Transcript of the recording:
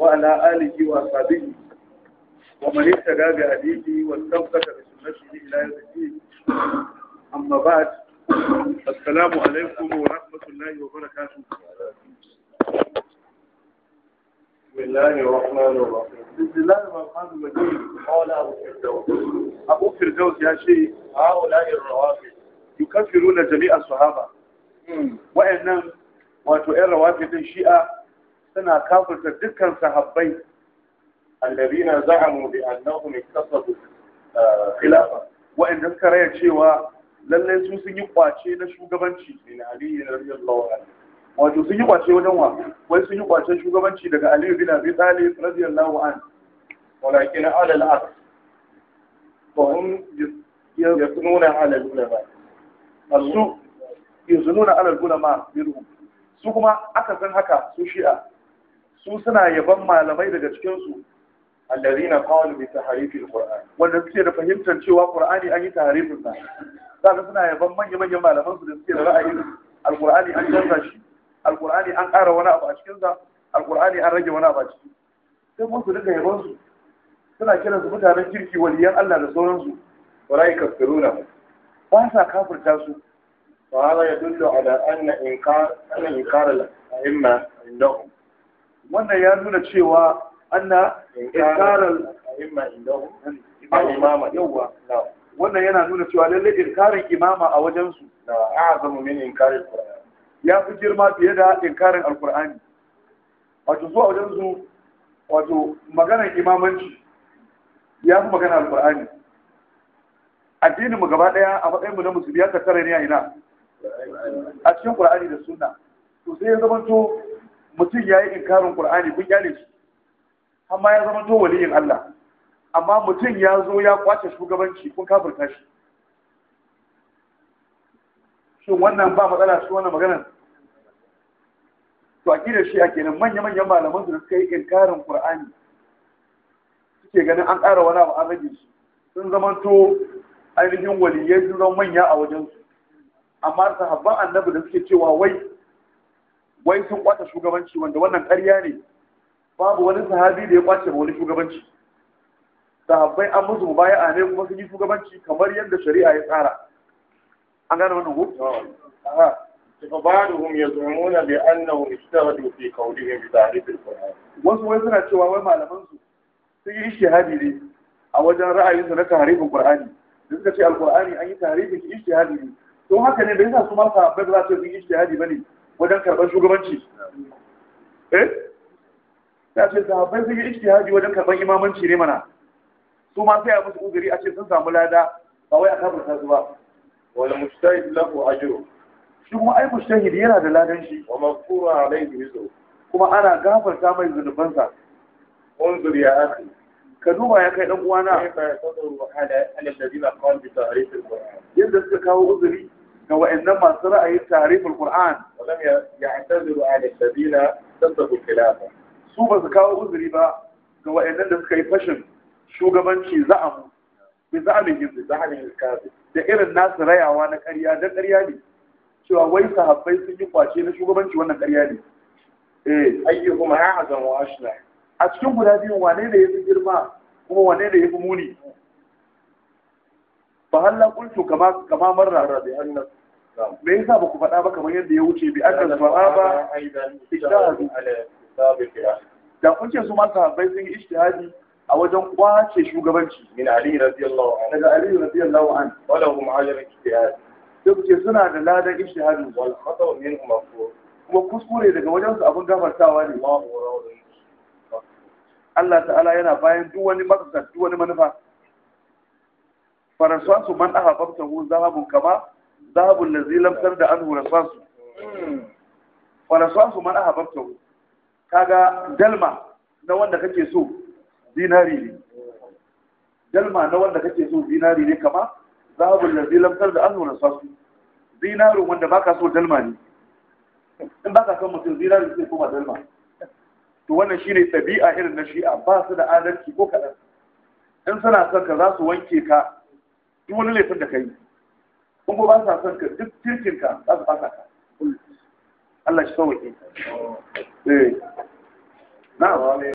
وعلى آله وأصحابه ومن اهتدى بهديه واستمسك بسنته إلى يوم الدين أما بعد السلام عليكم ورحمة الله وبركاته بسم الله الرحمن الرحيم بسم الله الرحمن الرحيم قال أبو فردوس أبو فردوس يا شيخ هؤلاء الروافد يكفرون جميع الصحابة وإنهم wato 'yan rawafi din shi'a suna kafirta dukkan sahabbai allazina za'amu bi annahum iktasabu uh, khilafa wa inda suka raya cewa lalle su sun yi kwace na shugabanci min ali radiyallahu anhu wato sun yi kwace wajen wa wai sun yi kwace shugabanci daga ali bin abi talib radiyallahu anhu walakin ala al-aqd fa hum yasununa ala al-ulama su yasununa ala al-ulama minhum su kuma aka san haka su shi'a su suna yaban malamai daga cikinsu na qalu bi tahrifil qur'an wanda suke da fahimtar cewa qur'ani an yi tahrifin sa zaka suna yaban manya manyan malaman su da suke da ra'ayin alqur'ani an canza shi alqur'ani an ƙara wani abu a cikin sa alqur'ani an rage wani abu a ciki sai mun su duka yaban su suna kiran su mutanen kirki waliyan Allah da sauransu walai kafiruna ba sa kafirta su wa hada yadullu ala anna inkar anna inkar la aimma indahum wannan ya nuna cewa ana inkarar imama yauwa wannan yana nuna cewa lalle inkarin imama a wajensu a a'azamu min inkarin ya fi girma fiye da inkarin alkur'ani wato zuwa a wato maganar imamanci ya fi magana alkur'ani addinin mu gaba daya a matsayin mu na musulmi ya tattara ne a ina a cikin qur'ani da sunna to sai ya zamanto mutum ya yi inkarin ƙul'ani kun kyale su. amma ya zama to waliyin Allah amma mutum ya zo ya kwace shugabanci kun kafirta shi shin wannan ba matsala shi wannan maganar to akidar shi ake nan manya-manyan malaman su da suka yi inkarin ƙul'ani suke ganin an ƙara wani abu an rage su. sun zama to ainihin waliyyai sun zama manya a wajen su amma sahabban annabi da suke cewa wai wai sun kwace shugabanci wanda wannan ƙarya ne babu wani sahabi da ya kwace wani shugabanci sahabbai an musu mubaya'a ne kuma sun yi shugabanci kamar yadda shari'a ya tsara an gane wannan ko فبعضهم يزعمون بأنهم اجتهدوا في قولهم Wasu القرآن. وسوى سنة شوى وما لمنسوا. yi اجتهادي لي. a wajen ra'ayinsa na tarihin Qur'ani da suka ce alqur'ani an yi tarihin shi ijtihadi ne to haka ne bai sa su ma sahabbai ba za su yi ijtihadi bane wajen karɓar shugabanci eh ta ce sahabbai sun yi ijtihadi wajen karɓar imamanci ne mana su ma sai a musu uzuri a ce sun samu lada ba wai a kafirta su ba wal mujtahid lahu ajru shi kuma ai mujtahid yana da ladan shi wa maghfura alayhi rizqu kuma ana gafarta mai zunubansa unzur ya akhi ka duba ya kai dan uwana yadda suka kawo uzuri ga wa'annan masu ra'ayi tarifin Qur'an walam ya'tadiru 'ala da sababu khilafa su ba su kawo uzuri ba ga wa'annan da suka yi fashin shugabanci za'a za'amu bi za'amihim bi za'amihim kafi da irin nasu rayawa na ƙarya dan ƙarya ne cewa wai sahabbai sun yi kwace na shugabanci wannan ƙarya ne eh ayyuhum a'zam wa ashna a cikin guda biyu wane ne ya yafi girma kuma wane ne ya yafi muni fa halla qultu kama kama marra bi annas me yasa ba ku faɗa ba kamar yadda ya wuce bi aka sahaba ijtihadu da kun ce su ma sahabbai sun yi ijtihadi a wajen kwace shugabanci min ali radiyallahu anhu daga ali radiyallahu anhu wala hum ajrun ijtihad sai ce suna da ladan ijtihadi wal khata' minhum mafruḍ kuma kuskure daga wajen su abin gafartawa ne Allah ta'ala yana bayan duk wani matsatsa duk wani manufa farasuwa su man ahabbta hu zahabun kama zahabun da zai lamsar da an hura sasu wala sasu man ahabbta kaga dalma na wanda kake so dinari ne dalma na wanda kake so dinari ne kama zahabun da zai lamsar da an hura sasu wanda baka so dalma ne in baka son mutum dinarin sai koma dalma to wannan shine ɗabi'a irin na shi'a ba su da adalci ko kaɗan in suna son ka za su wanke ka duk wani laifin da ka yi kun ko ba sa son ka duk kirkin ka za su fasa ka Allah shi kawai oh. eh na'am